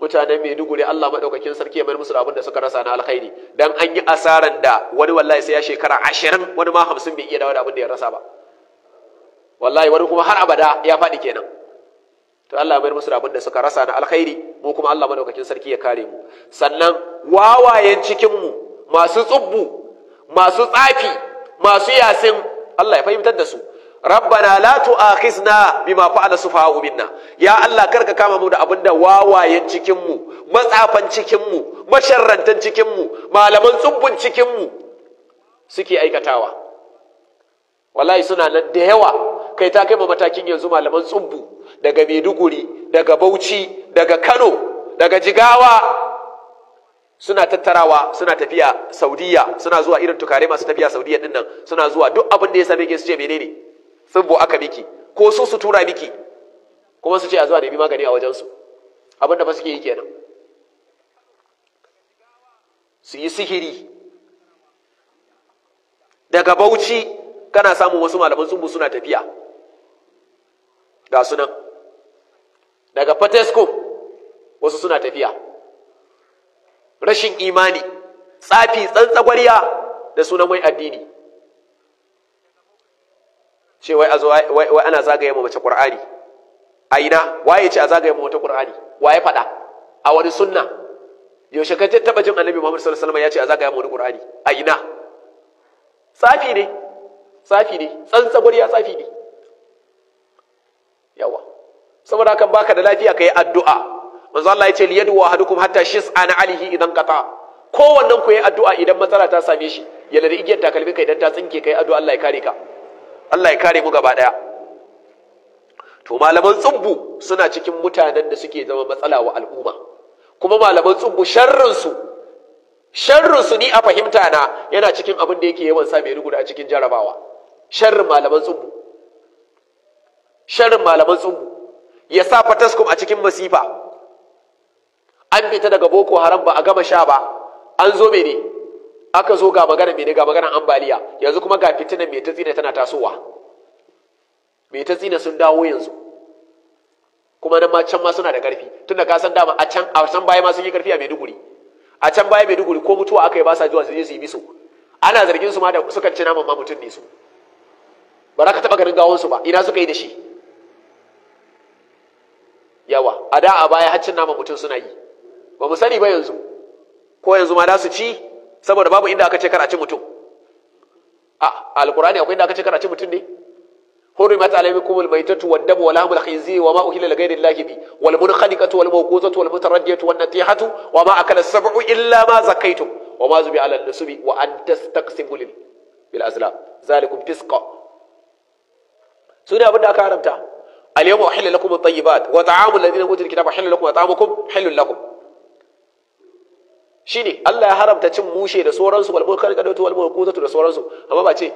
mutanen Maiduguri Allah madaukakin sarki ya mayar musu abin da suka rasa na alkhairi dan an yi asaran da wani wallahi sai ya shekara ashirin, wani ma hamsin bai iya dawo da abin da ya rasa ba wallahi wani kuma har abada ya faɗi kenan to Allah ya bar musu abin da suka rasa na alkhairi mu kuma Allah madaukakin sarki ya kare mu sannan wawayen cikin mu masu tsubbu masu tsafi masu yasin Allah ya fahimtar da su rabbana la tu'akhizna bima fa'ala sufaha'u minna ya Allah karka kama mu da abinda wawayen cikin mu matsafan cikin mu masharrantan cikin mu malaman tsubbun cikin mu suke aikatawa wallahi suna nan da yawa kai ta kai matakin yanzu malaman tsubbu daga Maiduguri daga Bauchi daga Kano daga Jigawa suna tattarawa suna tafiya Saudiya suna zuwa irin tukare masu tafiya Saudiya dinnan suna zuwa duk abin da ya same ke su ce menene tsibbo aka miki ko su su tura miki kuma su ce a zuwa da bi magani a wajensu abin da ba suke yi kenan su yi sihiri daga bauchi kana samun wasu malaman tsibbo suna tafiya ga sunan daga patesco wasu suna tafiya rashin imani tsafi tsantsagwariya da sunan mai addini ce wai ana zagaye ma mace ƙur'ani a ina waye ce a zagaye ma wata qur'ani waye faɗa a wani sunna yaushe ka taɓa jin annabi muhammad sallallahu alaihi ya ce a zagaye ma wani qur'ani a ina tsafi ne tsafi ne tsantsagwar ya tsafi ne yawa saboda kan baka da lafiya ka yi addu'a manzo Allah ya ce liyadu wa hadukum hatta shis'ana alihi idan qata kowannen ku yi addu'a idan matsala ta same shi yalla da igiyar takalmin ka idan ta tsinke kai addu'a Allah ya kare ka Allah ya kare mu gaba ɗaya. to malaman tsubbu suna cikin mutanen da suke zama matsala wa al'umma kuma malaman tsubbu sharrinsu su sharrin su ni a fahimta na yana cikin abin da yake yawan sa mai rugu a cikin jarabawa sharrin malaman tsubbu sharrin malaman tsubbu ya sa fataskum a cikin masifa an fita daga boko haram ba a gama sha ba an zo mene aka zo ga magana mai ga magana ambaliya yanzu kuma ga fitina mai ta tsina tana tasowa mai ta tsina sun dawo yanzu kuma nan ma can ma suna da ƙarfi tun ka san dama a can a san baya ma sun yi ƙarfi a Maiduguri a can baya Maiduguri ko mutuwa aka yi ba sa zuwa su je su yi miso ana zargin su ma da suka ci naman ma mutum ne su ba za ka taɓa ganin gawon su ba ina suka yi da shi yawa a da a baya haccin naman mutum suna yi ba mu sani ba yanzu ko yanzu ma za su ci saboda babu inda aka ce kar a ci mutum a alkurani akwai inda aka ce kar a ci mutum ne hori mata alaimi kumul mai tattu wa dabu wa lahamul khinzi wa ma uhilla lagayri lillahi bi wal munkhaliqatu wal mawquzatu wal mutaraddiyatu wan natihatu wa ma akala sab'u illa ma zakaytum wa ma zubi ala nusubi wa an shine Allah ya haramta cin mushe da sauransu wal mulkar kadatu da sauransu amma ba ce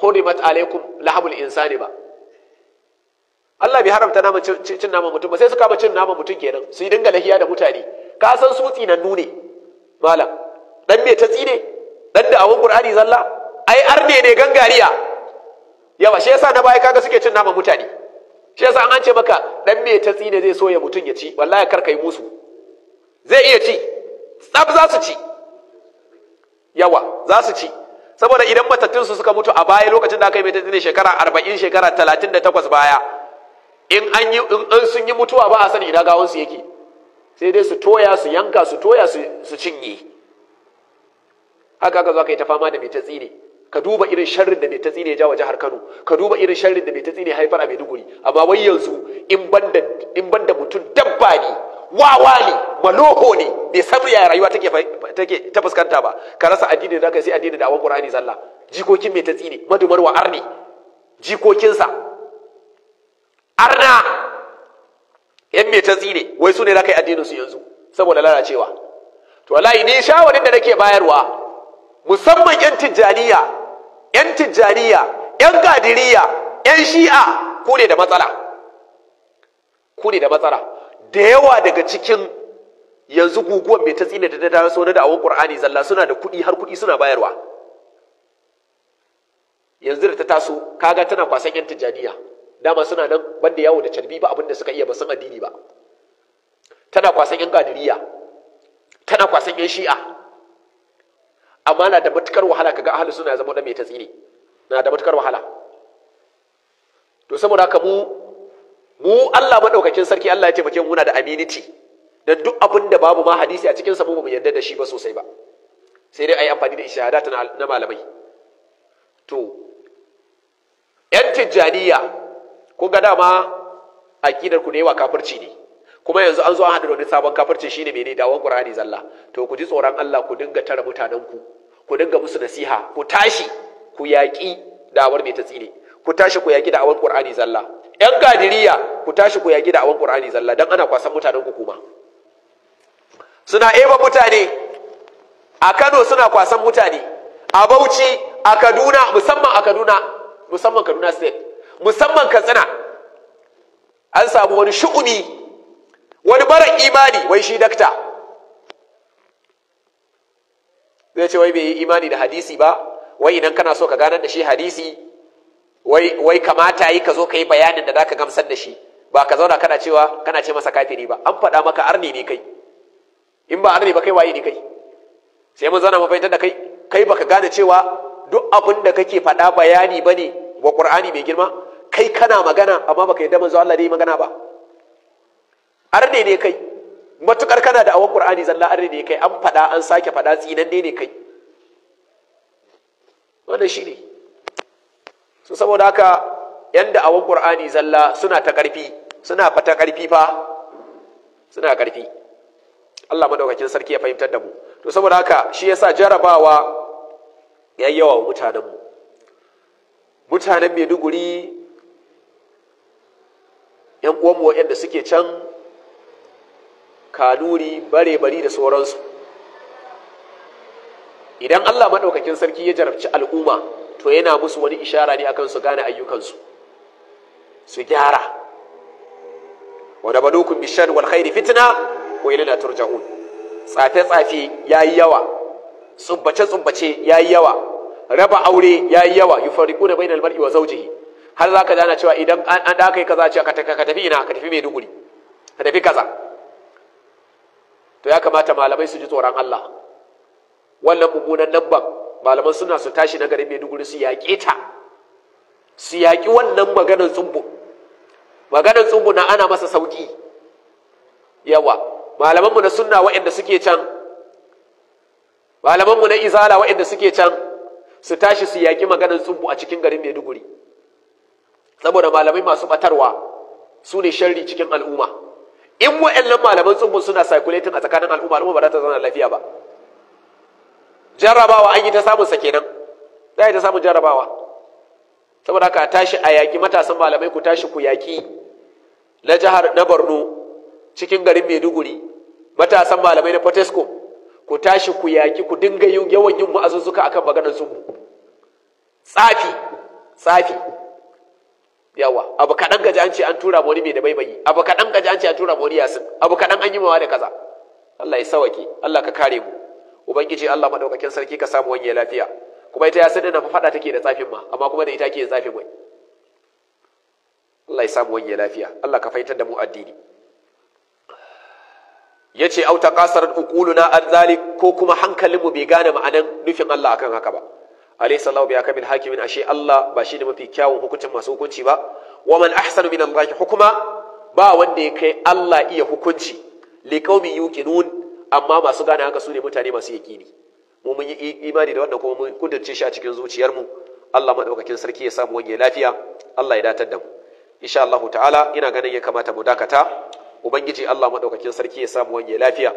hurimat alaikum lahabul insani ba Allah bai haramta nama cin naman mutum ba sai su kama cin naman mutum kenan su yi dinga lahiya da mutane ka san su tsinannu nune malam dan me ta tsine dan da awon qur'ani zalla ai arne ne gangariya yawa shi yasa na baya kaga suke cin naman mutane shi yasa an ce maka dan me ta tsine zai so ya mutum ya ci wallahi kar kai musu zai iya ci tsab za su ci yawa za su ci saboda idan matattunsu suka mutu a baya lokacin da aka yi matattun shekara arba'in shekara talatin da takwas baya in an yi in sun yi mutuwa ba a sani ina gawansu yake sai dai su toya su yanka su toya su cinye haka ka zo ka yi ta fama da mai ta tsine ka duba irin sharrin da mai ta tsine ja wa jihar Kano ka duba irin sharrin da mai ta tsine haifar a Maiduguri amma wai yanzu in banda in mutum dabba ne wawa ne maloho ne bai san ya rayuwa take take ta fuskanta ba ka rasa addini da kai sai addini da awan Qur'ani zalla jikokin mai ta tsine madumar wa arni jikokinsa arna yan mai ta tsine wai su ne za ka addinin su yanzu saboda lalacewa to wallahi ni shawarin da nake bayarwa musamman yan tijjaniya 'yan tijjaniya 'yan gadiriya 'yan shi'a ku ne da matsala ku ne da matsala da yawa daga cikin yanzu guguwan mai ta tsine da ta sauna da awon zalla suna da kuɗi har kuɗi suna bayarwa yanzu da ta taso kaga tana kwasan 'yan tijjaniya dama suna nan banda yawo da carbi ba abinda suka iya ba sun addini ba tana kwasan 'yan gadiriya tana kwasan 'yan shi'a amma na da matukar wahala kaga ahli suna ya zama dan mai tasiri na da matukar wahala to saboda haka mu mu Allah madaukakin sarki Allah ya taimake mu muna da aminiti dan duk abin da babu ma hadisi a cikin sa mu mu yarda da shi ba sosai ba sai dai ayi amfani da ishahadat na malamai to yan tijaniya ko ga dama aƙidar ku ne wa kafirci ne kuma yanzu an zo an haɗu da wani sabon kafirci shine mene dawon qur'ani zalla to ku ji tsoron Allah ku dinga tara mutanen ku ku dinga musu nasiha ku tashi ku yaƙi dawar mai tatsine ku tashi ku yaƙi dawar qur'ani zalla yan gadiriya ku tashi ku yaƙi dawar qur'ani zalla dan ana kwasan mutanen ku kuma suna eba mutane a Kano suna kwasan mutane a Bauchi a Kaduna musamman a Kaduna musamman Kaduna state musamman Katsina an samu wani shu'umi wani bara imani wai shi dakta zai ce wai bai yi imani da hadisi ba wai idan kana so ka ganar da shi hadisi wai wai kamata yi ka zo ka yi bayanin da za ka gamsar da shi ba ka zauna kana cewa kana ce masa kafiri ba an faɗa maka arni ne kai in ba arni ba kai waye ne kai sai mun zauna mu fahimtar da kai kai baka gane cewa duk abin da kake faɗa bayani bane wa Ƙur'ani mai girma kai kana magana amma baka yadda manzo Allah dai magana ba arne ne kai matukar kana da awon qur'ani zalla arne ne kai an fada an sake fada Tsinan ne kai wannan shine so saboda haka yan da awon qur'ani zalla suna ta karfi suna fata karfi fa suna karfi Allah madaukakin sarki ya fahimtar da mu to saboda haka shi yasa jarabawa yayyawa mutanen mu mutanen Maiduguri yan uwan mu waɗanda suke can kanuri bare bari da sauransu idan Allah maɗaukakin sarki ya jarabci al'umma to yana musu wani ishara ne akan su gane ayyukansu su gyara wa nabalukum bishar wal khairi fitna wa ilana turja'un tsafe tsafe yayi yawa tsubbace tsubbace yayi yawa raba aure yayi yawa yufariquna bainal mar'i wa zawjihi har zaka dana cewa idan an da kai kaza ce ka tafi ina ka tafi mai duguri ka tafi kaza to ya kamata malamai su ji tsoron Allah wannan mummunan namban malaman suna su tashi na garin Maiduguri su yaƙe ta su yaƙi wannan maganar tsumbu maganar tsumbu na ana masa sauki yawa mu na sunna waɗanda suke can mu na izala waɗanda suke can su tashi su yaƙi maganar tsumbu a cikin garin Maiduguri saboda malamai masu batarwa su ne sharri cikin al'umma in wa'annan malaman tsumbun suna circulating a tsakanin al'umma al'umma ba za ta zauna lafiya ba jarrabawa an yi ta samun sa kenan za a yi ta samun jarrabawa saboda haka tashi a yaƙi matasan malamai ku tashi ku yaƙi na jihar na borno cikin garin maiduguri matasan malamai na potesco ku tashi ku yaƙi ku dinga yawan yin wa'azuzzuka akan maganar tsubu tsafi tsafi yawa abu kaɗan gaji an ce an tura wani mai da baibayi abu kaɗan gaji an ce an tura wani yasin abu kaɗan an yi mawa da kaza Allah ya sawake Allah ka kare mu ubangiji Allah madaukakin sarki ka samu wani lafiya kuma ita yasin na faɗa take da tsafin ma amma kuma da ita ke tsafin mai Allah ya samu wani lafiya Allah ka faitar da mu addini ya ce auta ƙasar ukuluna an zalik ko kuma hankalinmu bai gane ma'anan nufin Allah akan haka ba alaysa Allahu bi akabil hakimin ashe Allah ba shi ne mafi kyawun hukuncin masu hukunci ba wa man ahsanu min Allah hukuma ba wanda ya kai Allah iya hukunci li qaumi yuqinun amma masu gane haka su ne mutane masu yaqini mu mun yi imani da wannan kuma mun kudurce shi a cikin zuciyarmu Allah madaukakin sarki ya samu wani lafiya Allah ya datar da mu insha Allah ta'ala ina ganin ya kamata mu dakata ubangiji Allah madaukakin sarki ya samu wani lafiya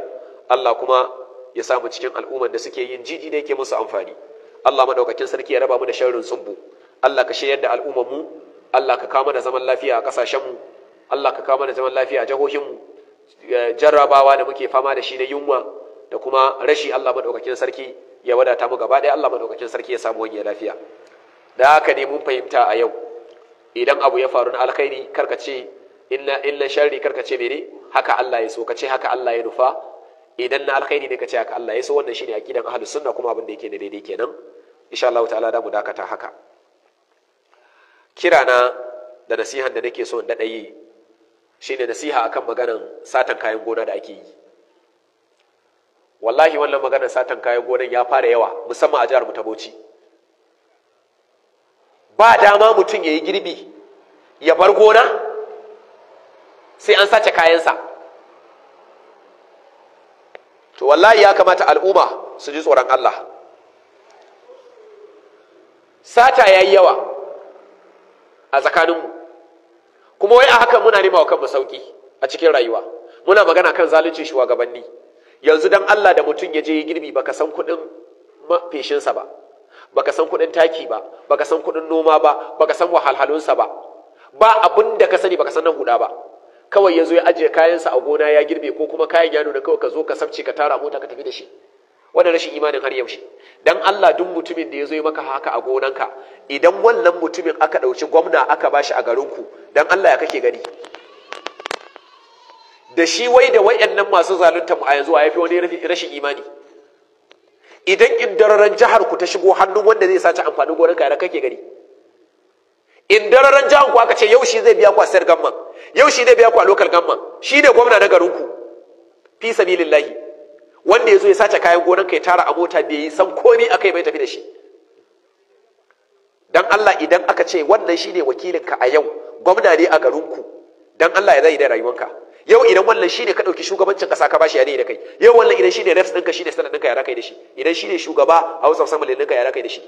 Allah kuma ya samu cikin al'ummar da suke yin jiji da yake musu amfani Allah madaukakin sarki ya raba mu da sharrin tsubbu Allah ka shayar da al'ummar mu Allah ka kama da zaman lafiya a kasashen mu Allah ka kama da zaman lafiya a jahohin mu jarrabawa da muke fama da shi na yunwa da kuma rashi Allah madaukakin sarki ya wadata mu gaba ɗaya Allah madaukakin sarki ya samu wani lafiya da haka ne mun fahimta a yau idan abu ya faru na alkhairi karka ce inna sharri karka ce mene haka Allah ya so ce haka Allah ya nufa idan na alkhairi ne ka ce haka Allah ya so wannan shine akidan ahlus sunna kuma abin da yake da daidai kenan insha Allah ta'ala da mu dakata haka kirana da nasihan da nake so in dada yi shine nasiha akan maganan satan kayan gona da ake yi wallahi wannan maganar satan kayan gonan ya fara yawa musamman a jihar mu ta Bauchi ba dama mutum yayi girbi ya bar gona sai an sace kayansa to wallahi ya kamata al'umma su ji tsoron Allah sata yayi yawa a tsakaninmu kuma wai a haka muna nema wa kanmu sauki a cikin rayuwa muna magana kan zaluncin shugabanni yanzu dan Allah da mutum ya je girbi baka san kuɗin feshinsa ba baka san kuɗin taki ba baka san kuɗin noma ba baka san wahalhalunsa ba ba abin da ka sani baka san nan huda ba kawai ya zo ya ajiye kayansa a gona ya girbe ko kuma kayan ya nuna kawai ka zo ka sabce ka tara mota ka tafi da shi wannan rashin imanin har yaushe dan Allah duk mutumin da ya zo ya maka haka a gonanka idan wannan mutumin aka ɗauki gwamna aka bashi a garinku dan Allah ya kake gani da shi wai da wayannan masu zalunta mu a yanzu a yafi wani rashin imani idan indararan jihar ku ta shigo hannun wanda zai sace amfanin gonanka ya kake gani indararan jihar ku aka ce yaushe zai biya ku a sayar gamman yau shi zai biya ku a local gamma shi ne gwamna na garinku fi sabilillahi wanda ya zo ya sace kayan gonan ya tara a mota bai yi san komai akai bai tafi da shi dan Allah idan aka ce wannan shi ne wakilin ka a yau gwamna ne a garinku dan Allah ya zai da rayuwanka yau idan wannan shi ne ka ɗauki shugabancin kasa ka bashi ya da kai yau wannan idan ne refs ɗinka ne sanar ɗinka ya rakai da shi idan shi ne shugaba a wasu samun ɗinka ya rakai da shi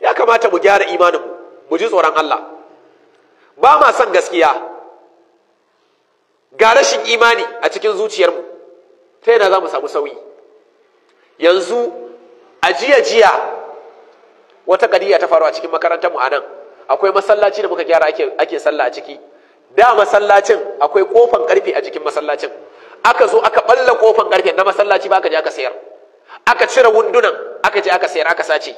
ya kamata mu gyara imaninmu mu ji tsoron Allah ba ma son gaskiya ga rashin imani a cikin zuciyarmu ta yana za mu samu sauyi yanzu a jiya jiya wata kadiya ta faru a cikin makarantar mu anan akwai masallaci da muka gyara ake ake sallah a ciki da masallacin akwai kofan karfe a cikin masallacin aka zo aka balla kofan karfe na masallaci ba aka je aka sayar aka cire wundunan aka je aka sayar aka sace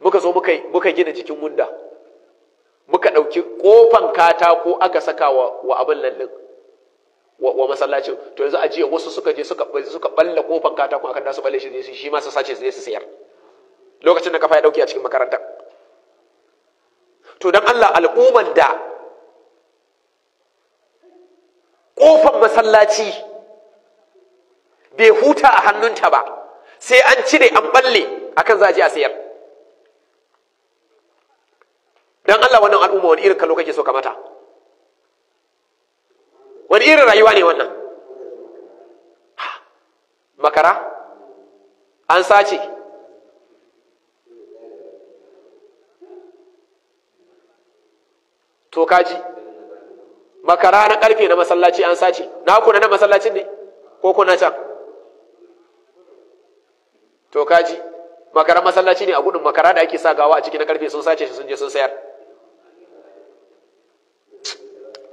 muka so muka gina jikin wunda muka ɗauki ƙofan katako aka saka wa abin lallin, wa masallacin to yanzu a jiya wasu suka je suka balla ƙofan katako akan nasu balle shi shi ma su sace su su sayar lokacin da kafa ya ɗauki a cikin makarantar to dan Allah al'umman da ƙofan masallaci bai huta a hannunta ba sai an cire an balle akan za a je a sayar dan Allah wannan al'umma wani irin kallo kake so ka mata wani irin rayuwa ne wannan makara an sace to kaji makara na karfe na masallaci an sace na kuna na masallacin ne ko kuna can to kaji makara masallaci ne a gudun makara da ake sa gawa a ciki na karfe sun sace shi sun je sun sayar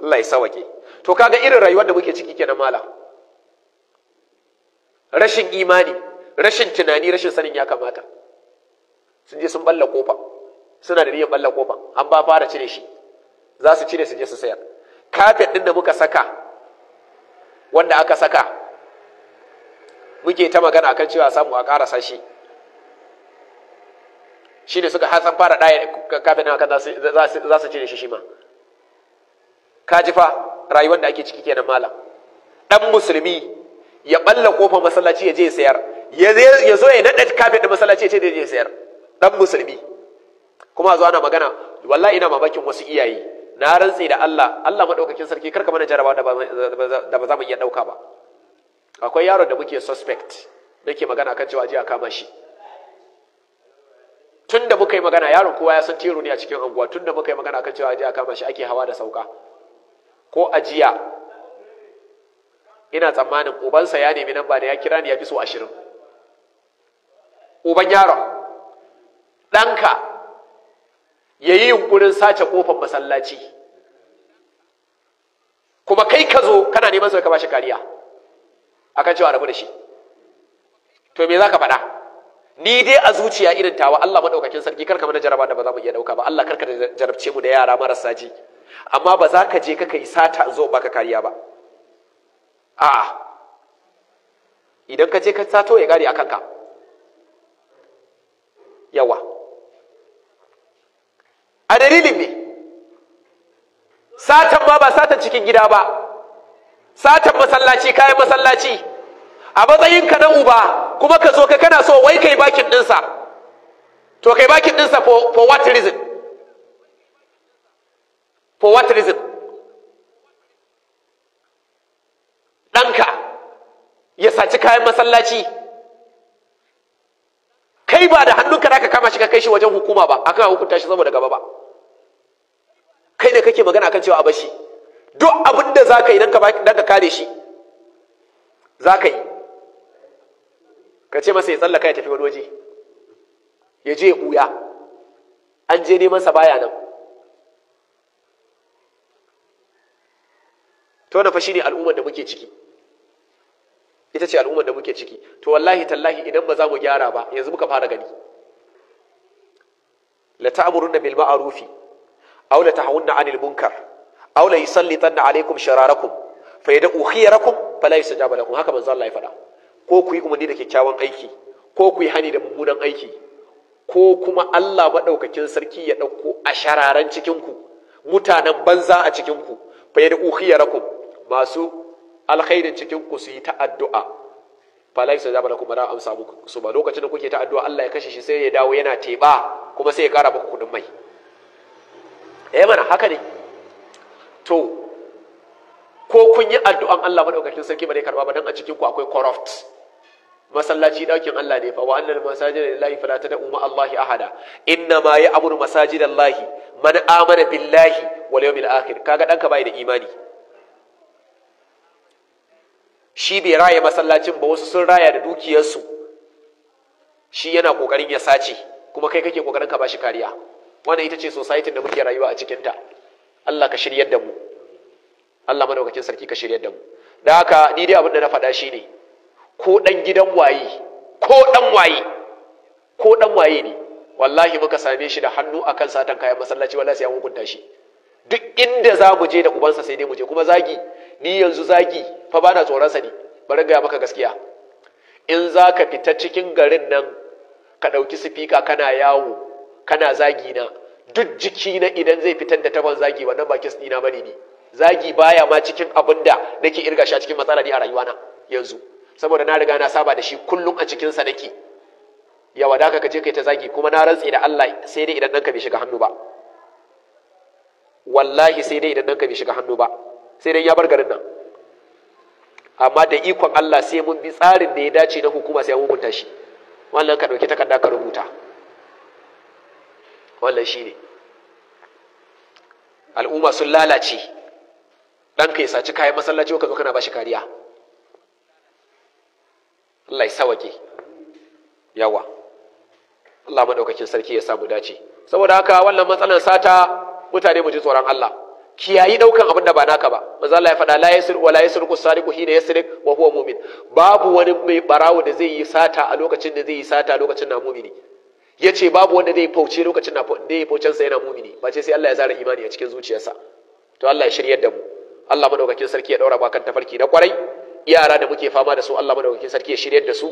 Allah ya sawake to kaga irin rayuwar da muke ciki kenan mala rashin imani rashin tunani rashin sanin ya kamata sun je sun balla kofa suna da niyyar balla kofa an ba fara cire shi za su cire su je su sayar kafet din da muka saka wanda aka saka muke ta magana akan cewa samu a karasa shi shi ne suka hasan fara ɗaya kafin haka za su cire shi shi ma ka ji fa rayuwar da ake ciki kenan malam dan musulmi ya balla kofar masallaci ya je ya sayar ya zo ya dadda kafin da masallaci ya ce da je ya sayar dan musulmi kuma zo ana magana wallahi ina mamakin wasu iyaye na rantse da Allah Allah madaukakin sarki karka mana jarabawa da ba za mu iya dauka ba akwai yaron da muke suspect nake magana kan cewa a kama shi tun da muka yi magana yaron kowa ya san tiro ne a cikin anguwa tun da muka yi magana kan cewa a kama shi ake hawa da sauka ko ajiya ina tsammanin ubansa ya nemi nan ba da ya kira ni ya fi so ashirin uban yaron ɗanka ya yi yunkurin sace kofar masallaci kuma kai ka zo kana neman sauka shi kariya A kan cewa rabu da shi to me za ka faɗa ni dai a zuciya irin tawa Allah maɗaukakin sarki karka mana jaraba da ba za mu iya ɗauka ba Allah karka jarabce mu da yara marasa ji amma ba za ka je ka kai sata zo baka kariya ba a'a idan ka je ka sato ya gari a kanka yawa a dalilin ne satan ma ba satan cikin gida ba satan masallaci kayan masallaci a matsayinka na uba kuma ka zo ka kana so wai kai bakin ɗinsa to kai bakin ɗinsa for, for what reason for what reason ɗanka ya saci kayan masallaci kai ba da hannunka ka kama shi ka kai shi wajen hukuma ba a akan hukunta shi saboda gaba ba kai ne kake magana akan cewa a bashi duk abin da ka yi dan ka kare shi za ka yi ka ce masa ya tsallaka ya tafi wani waje ya je ya ɓuya an je neman sa baya nan to da fa shine al'ummar da muke ciki ita ce al'ummar da muke ciki to wallahi tallahi idan ba za mu gyara ba yanzu muka fara gani la ta'muruna bil ma'rufi aw la tahawunna 'anil munkar aw la yusallitanna 'alaykum shararakum fa yad'u fa la yusajaba lakum haka manzo Allah ya faɗa ko ku yi umarni da kyakkyawan aiki ko ku yi hani da mummunan aiki ko kuma Allah maɗaukakin sarki ya ɗauko a shararan cikinku, mutanen banza a cikin ku fa yad'u khiyarakum masu alkhairin cikin ku su yi ta addu'a falai su zaba kuma na samu su ba lokacin da kuke ta addu'a Allah ya kashe shi sai ya dawo yana teba kuma sai ya kara muku kudin mai eh mana haka ne to ko kun yi addu'an Allah madaukakin sarki ba dai karba ba dan a cikin ku akwai corrupt masallaci ɗaukin Allah ne fa wa annal masajid lillahi fala tad'u ma Allahi ahada inna ma ya'muru masajid lahi? man amana billahi wal yawmil akhir kaga danka bai da imani shi bai raya masallacin ba wasu sun raya da dukiyarsu shi yana kokarin ya sace kuma kai kake kokarin ka ba shi kariya wannan ita ce society da muke rayuwa a cikin ta Allah ka shiryar da mu Allah madaukakin sarki ka shiryar da mu da haka ni dai abin da na faɗa shine ko dan gidan waye ko dan waye ko dan waye ne wallahi muka same shi da hannu akan satan kayan masallaci wallahi sai an hukunta shi duk inda za mu je da ubansa sai dai mu je kuma zagi ni yanzu zagi fa bana tsoron sa ne bari ga maka gaskiya in za ka fita cikin garin nan ka ɗauki sifika kana yawo kana zagi na duk jiki na idan zai fitar da taban zagi wannan ba kis dina bane zagi baya ma cikin abin da nake irga shi a cikin matsala ni a rayuwana yanzu saboda na riga na saba da shi kullum a cikin sa nake ya wadaka ka je kai ta zagi kuma na rantse da Allah sai dai idan ka bai shiga hannu ba wallahi sai dai idan ka bai shiga hannu ba sai dai ya bar garin nan amma da ikon Allah sai mun bi tsarin da ya dace na hukuma sai mun hukunta shi wannan ka dauki takarda ka rubuta wannan shine al'umma sun lalace dan ka saci kayan masallaci ka zo kana bashi kariya Allah ya sawake yawa Allah madaukakin sarki ya samu dace saboda haka wannan matsalar sata mutane mu ji tsoron Allah kiyayi daukan abin da ba naka ba manzo Allah ya faɗa la yasriq wa la yasriqu sariqu hina yasir wa huwa mu'min babu wani mai barawo da zai yi sata a lokacin da zai yi sata a lokacin na mu'mini yace babu wanda zai fauce lokacin na da ya faucen sa yana mu'mini ba ce sai Allah ya zara imani a cikin zuciyarsa to Allah ya shiryar da mu Allah madaukakin sarki ya daura ba kan tafarki na kwarai yara da muke fama da su Allah madaukakin sarki ya shiryar da su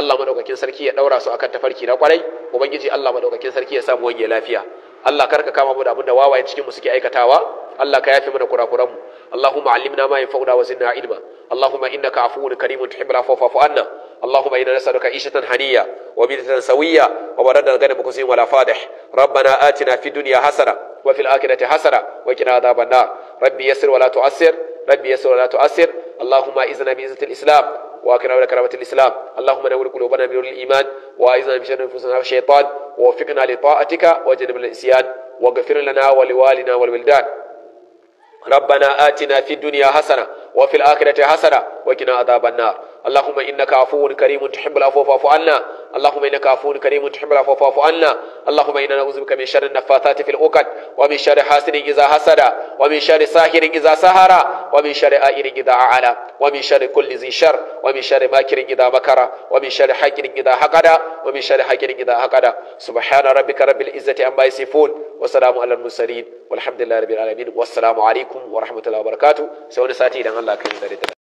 Allah madaukakin sarki ya daura su akan tafarki na kwarai ubangiji Allah madaukakin sarki ya samu wani lafiya Allah karka kama mu da abin da wawaye cikin mu suke aikatawa Allah ka yafe mana kurakuran mu Allahumma allimna ma yanfa'una wa zidna ilma Allahumma innaka afuwun karimun tuhibbul afwa fa'fu anna Allahumma inna nas'aluka ishatan haniya wa bidatan sawiyya wa baradan ghadan bukusin wala fadih Rabbana atina fid dunya hasana wa fil akhirati hasana wa qina adhaban nar Rabbi yassir wa la tu'assir Rabbi yassir wa la tu'assir Allahumma izna bi izzatil islam واكرمنا لكرامة الإسلام اللهم نور قلوبنا بنور الإيمان وأعذنا من شر أنفسنا والشيطان ووفقنا لطاعتك وجنبنا العصيان واغفر لنا ولوالنا والولدان rabbana atina fid dunya hasana wa fil akhirati hasana wa qina azaban na. اللهم إنك عفو كريم تحب العفو فاعف عنا اللهم إنك عفو كريم تحب العفو فاعف عنا اللهم إنا نعوذ بك من شر النفاثات في العقد ومن شر حاسد إذا حسد ومن شر ساحر إذا سهر ومن شر آئر إذا أعلى ومن شر كل ذي شر ومن شر ماكر إذا مكر ومن شر حاكر إذا حقد ومن شر حاكر إذا حقد سبحان ربك رب العزة عما يصفون وسلام على المرسلين والحمد لله رب العالمين والسلام عليكم ورحمة الله وبركاته سوى ساتي إلى الله كريم